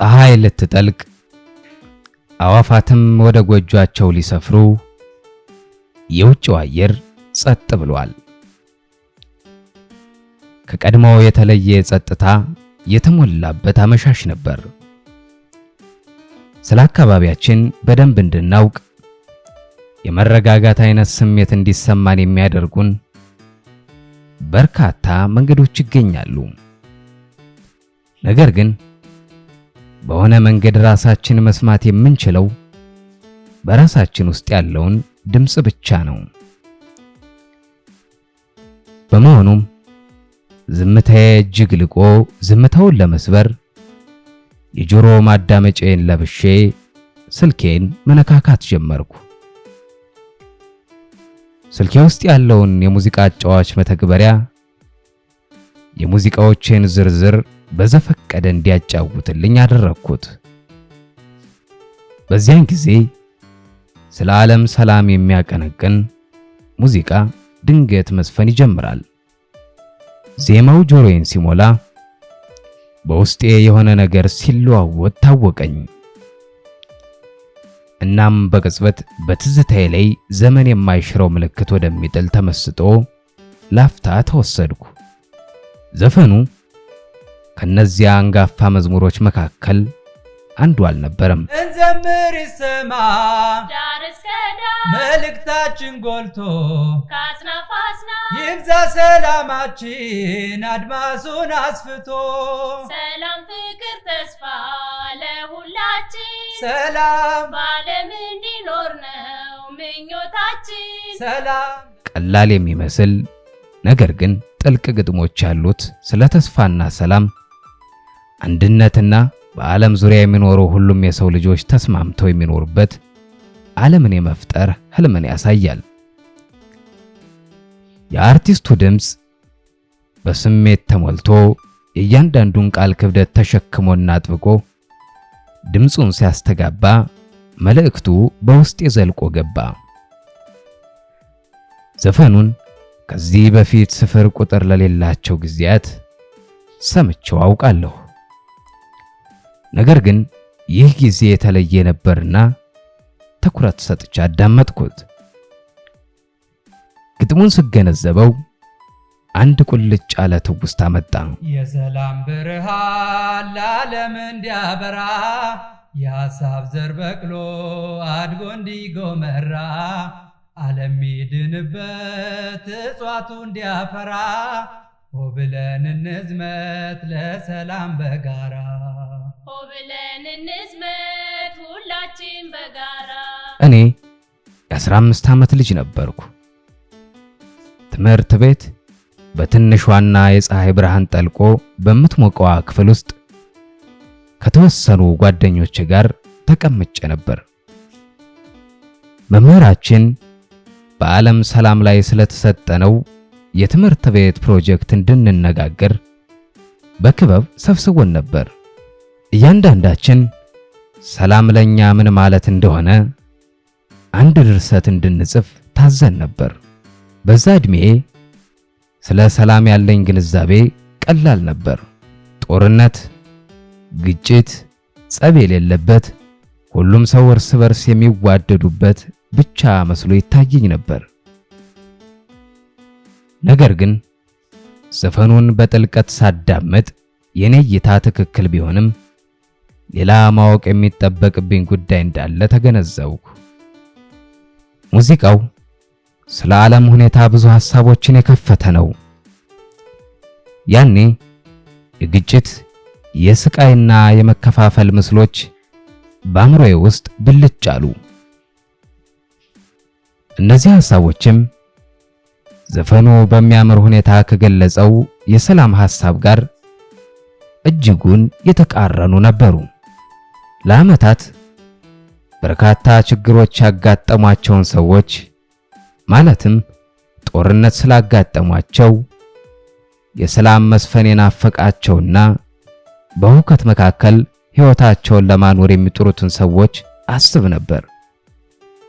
ፀሐይ ልትጠልቅ አዋፋትም ወደ ጎጇቸው ሊሰፍሩ የውጭው አየር ጸጥ ብሏል። ከቀድሞ የተለየ ጸጥታ የተሞላበት አመሻሽ ነበር። ስለ አካባቢያችን በደንብ እንድናውቅ የመረጋጋት አይነት ስሜት እንዲሰማን የሚያደርጉን በርካታ መንገዶች ይገኛሉ። ነገር ግን በሆነ መንገድ ራሳችን መስማት የምንችለው በራሳችን ውስጥ ያለውን ድምፅ ብቻ ነው። በመሆኑም ዝምታዬ እጅግ ልቆ ዝምታውን ለመስበር የጆሮ ማዳመጫዬን ለብሼ ስልኬን መነካካት ጀመርኩ። ስልኬ ውስጥ ያለውን የሙዚቃ አጫዋች መተግበሪያ የሙዚቃዎችን ዝርዝር በዘፈቀደ እንዲያጫውትልኝ አደረግኩት። በዚያን ጊዜ ስለ ዓለም ሰላም የሚያቀነቅን ሙዚቃ ድንገት መዝፈን ይጀምራል። ዜማው ጆሮዬን ሲሞላ በውስጤ የሆነ ነገር ሲለዋወጥ ታወቀኝ። እናም በቅጽበት በትዝታዬ ላይ ዘመን የማይሽረው ምልክት ወደሚጥል ተመስጦ ላፍታ ተወሰድኩ። ዘፈኑ ከነዚያ አንጋፋ መዝሙሮች መካከል አንዱ አልነበረም። እንዘምር ይሰማ ዳር እስከ ዳር መልእክታችን ጎልቶ ከአጽናፍ ይብዛ ሰላማችን አድማሱን አስፍቶ ሰላም፣ ፍቅር፣ ተስፋ ለሁላችን ሰላም በዓለም እንዲኖር ነው ምኞታችን። ሰላም ቀላል የሚመስል ነገር ግን ጥልቅ ግጥሞች ያሉት ስለ ተስፋና ሰላም አንድነትና በዓለም ዙሪያ የሚኖሩ ሁሉም የሰው ልጆች ተስማምተው የሚኖሩበት ዓለምን የመፍጠር ህልምን ያሳያል። የአርቲስቱ ድምፅ በስሜት ተሞልቶ የእያንዳንዱን ቃል ክብደት ተሸክሞና አጥብቆ ድምፁን ሲያስተጋባ መልእክቱ በውስጤ ዘልቆ ገባ። ዘፈኑን ከዚህ በፊት ስፍር ቁጥር ለሌላቸው ጊዜያት ሰምቼው አውቃለሁ። ነገር ግን ይህ ጊዜ የተለየ ነበርና ትኩረት ሰጥቼ አዳመጥኩት። ግጥሙን ስገነዘበው አንድ ቁልጭ አለ ትውስታ መጣ። የሰላም ብርሃን ለዓለም እንዲያበራ የሀሳብ ዘር በቅሎ አድጎ እንዲጎመራ ዓለም ይድንበት እጽዋቱ እንዲያፈራ ሆ ብለን እንዝመት ለሰላም በጋራ ብለን እንዝመት ሁላችን በጋራ። እኔ የአስራ አምስት ዓመት ልጅ ነበርኩ። ትምህርት ቤት በትንሿና የፀሐይ ብርሃን ጠልቆ በምትሞቀዋ ክፍል ውስጥ ከተወሰኑ ጓደኞች ጋር ተቀምጬ ነበር። መምህራችን በዓለም ሰላም ላይ ስለተሰጠነው የትምህርት ቤት ፕሮጀክት እንድንነጋገር በክበብ ሰብስቦን ነበር። እያንዳንዳችን ሰላም ለእኛ ምን ማለት እንደሆነ አንድ ድርሰት እንድንጽፍ ታዘን ነበር። በዛ ዕድሜዬ ስለ ሰላም ያለኝ ግንዛቤ ቀላል ነበር። ጦርነት፣ ግጭት፣ ጸብ የሌለበት ሁሉም ሰው እርስ በርስ የሚዋደዱበት ብቻ መስሎ ይታየኝ ነበር። ነገር ግን ዘፈኑን በጥልቀት ሳዳመጥ የኔ እይታ ትክክል ቢሆንም ሌላ ማወቅ የሚጠበቅብኝ ጉዳይ እንዳለ ተገነዘብኩ። ሙዚቃው ስለ ዓለም ሁኔታ ብዙ ሐሳቦችን የከፈተ ነው። ያኔ የግጭት የስቃይና የመከፋፈል ምስሎች በአእምሮዬ ውስጥ ብልጭ አሉ። እነዚህ ሐሳቦችም ዘፈኑ በሚያምር ሁኔታ ከገለጸው የሰላም ሐሳብ ጋር እጅጉን የተቃረኑ ነበሩ። ለዓመታት በርካታ ችግሮች ያጋጠሟቸውን ሰዎች ማለትም ጦርነት ስላጋጠሟቸው የሰላም መስፈን የናፈቃቸውና በሁከት መካከል ሕይወታቸውን ለማኖር የሚጥሩትን ሰዎች አስብ ነበር።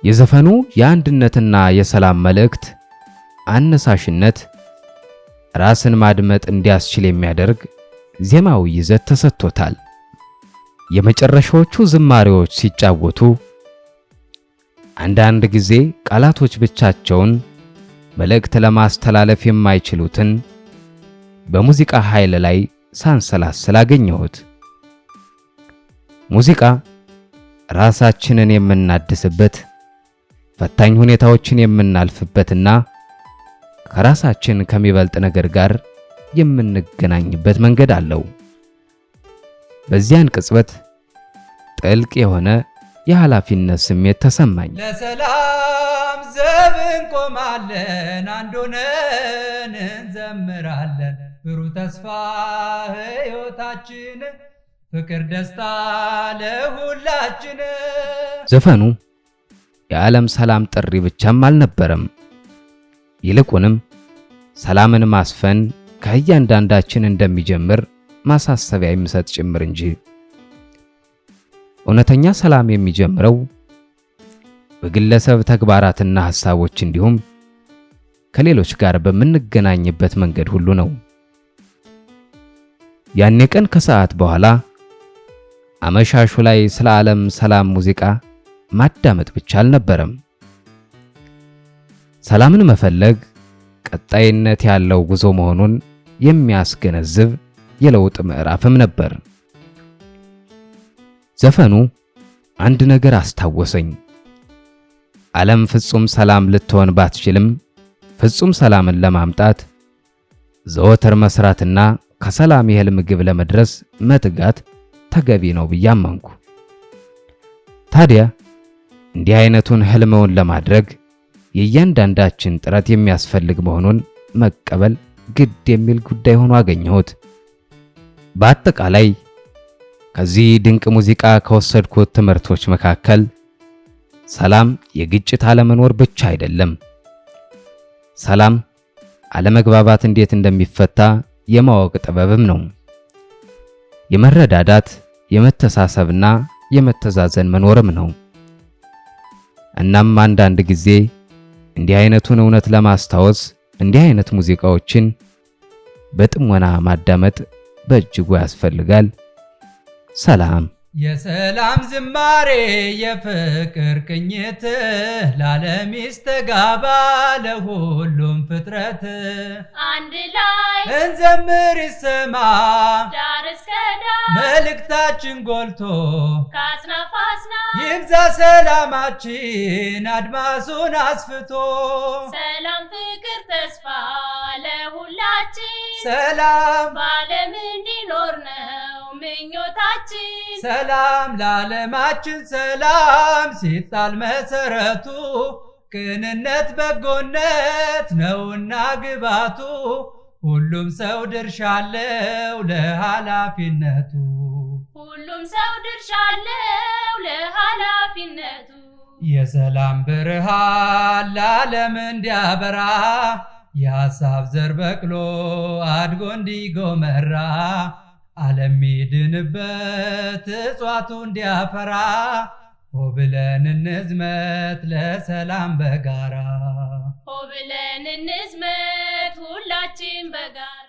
የዘፈኑ የአንድነትና የሰላም መልእክት አነሳሽነት ራስን ማድመጥ እንዲያስችል የሚያደርግ ዜማዊ ይዘት ተሰጥቶታል። የመጨረሻዎቹ ዝማሬዎች ሲጫወቱ አንዳንድ ጊዜ ቃላቶች ብቻቸውን መልእክት ለማስተላለፍ የማይችሉትን በሙዚቃ ኃይል ላይ ሳንሰላስል አገኘሁት። ሙዚቃ ራሳችንን የምናድስበት፣ ፈታኝ ሁኔታዎችን የምናልፍበትና ከራሳችን ከሚበልጥ ነገር ጋር የምንገናኝበት መንገድ አለው። በዚያን ቅጽበት ጥልቅ የሆነ የኃላፊነት ስሜት ተሰማኝ። ለሰላም ዘብ እንቆማለን፣ አንዱነን እንዘምራለን። ብሩህ ተስፋ ሕይወታችን፣ ፍቅር፣ ደስታ ለሁላችን። ዘፈኑ የዓለም ሰላም ጥሪ ብቻም አልነበረም። ይልቁንም ሰላምን ማስፈን ከእያንዳንዳችን እንደሚጀምር ማሳሰቢያ የሚሰጥ ጭምር እንጂ። እውነተኛ ሰላም የሚጀምረው በግለሰብ ተግባራትና ሐሳቦች እንዲሁም ከሌሎች ጋር በምንገናኝበት መንገድ ሁሉ ነው። ያኔ ቀን ከሰዓት በኋላ አመሻሹ ላይ ስለ ዓለም ሰላም ሙዚቃ ማዳመጥ ብቻ አልነበረም። ሰላምን መፈለግ ቀጣይነት ያለው ጉዞ መሆኑን የሚያስገነዝብ የለውጥ ምዕራፍም ነበር። ዘፈኑ አንድ ነገር አስታወሰኝ። ዓለም ፍጹም ሰላም ልትሆን ባትችልም ፍጹም ሰላምን ለማምጣት ዘወትር መስራትና ከሰላም የህል ምግብ ለመድረስ መትጋት ተገቢ ነው ብዬ አመንኩ። ታዲያ እንዲህ አይነቱን ህልመውን ለማድረግ የእያንዳንዳችን ጥረት የሚያስፈልግ መሆኑን መቀበል ግድ የሚል ጉዳይ ሆኖ አገኘሁት። በአጠቃላይ ከዚህ ድንቅ ሙዚቃ ከወሰድኩት ትምህርቶች መካከል ሰላም የግጭት አለመኖር ብቻ አይደለም። ሰላም አለመግባባት እንዴት እንደሚፈታ የማወቅ ጥበብም ነው። የመረዳዳት የመተሳሰብና የመተዛዘን መኖርም ነው። እናም አንዳንድ ጊዜ እንዲህ አይነቱን እውነት ለማስታወስ እንዲህ አይነት ሙዚቃዎችን በጥሞና ማዳመጥ በእጅጉ ያስፈልጋል። ሰላም የሰላም ዝማሬ የፍቅር ቅኝት ለዓለም ይስተጋባ ለሁሉም ፍጥረት አንድ ላይ እንዘምር ይሰማ ዳር እስከ ዳር መልእክታችን ጎልቶ ከአጽናፍ አጽናፍ ይብዛ ሰላማችን አድማሱን አስፍቶ ሰላም ፍቅር ተስፋ ሰላም በዓለም እንዲኖር ነው ምኞታችን። ሰላም ለዓለማችን ሰላም ሲጣል መሰረቱ ቅንነት በጎነት ነውና ግባቱ ሁሉም ሰው ድርሻ አለው ለኃላፊነቱ ሁሉም ሰው ድርሻ አለው ለኃላፊነቱ የሰላም ብርሃን ለዓለም እንዲያበራ የሀሳብ ዘር በቅሎ አድጎ እንዲጎመራ ዓለም ሚድንበት እጽዋቱ እንዲያፈራ ሆብለን እንዝመት ለሰላም በጋራ ብለን እንዝመት ሁላችን በጋራ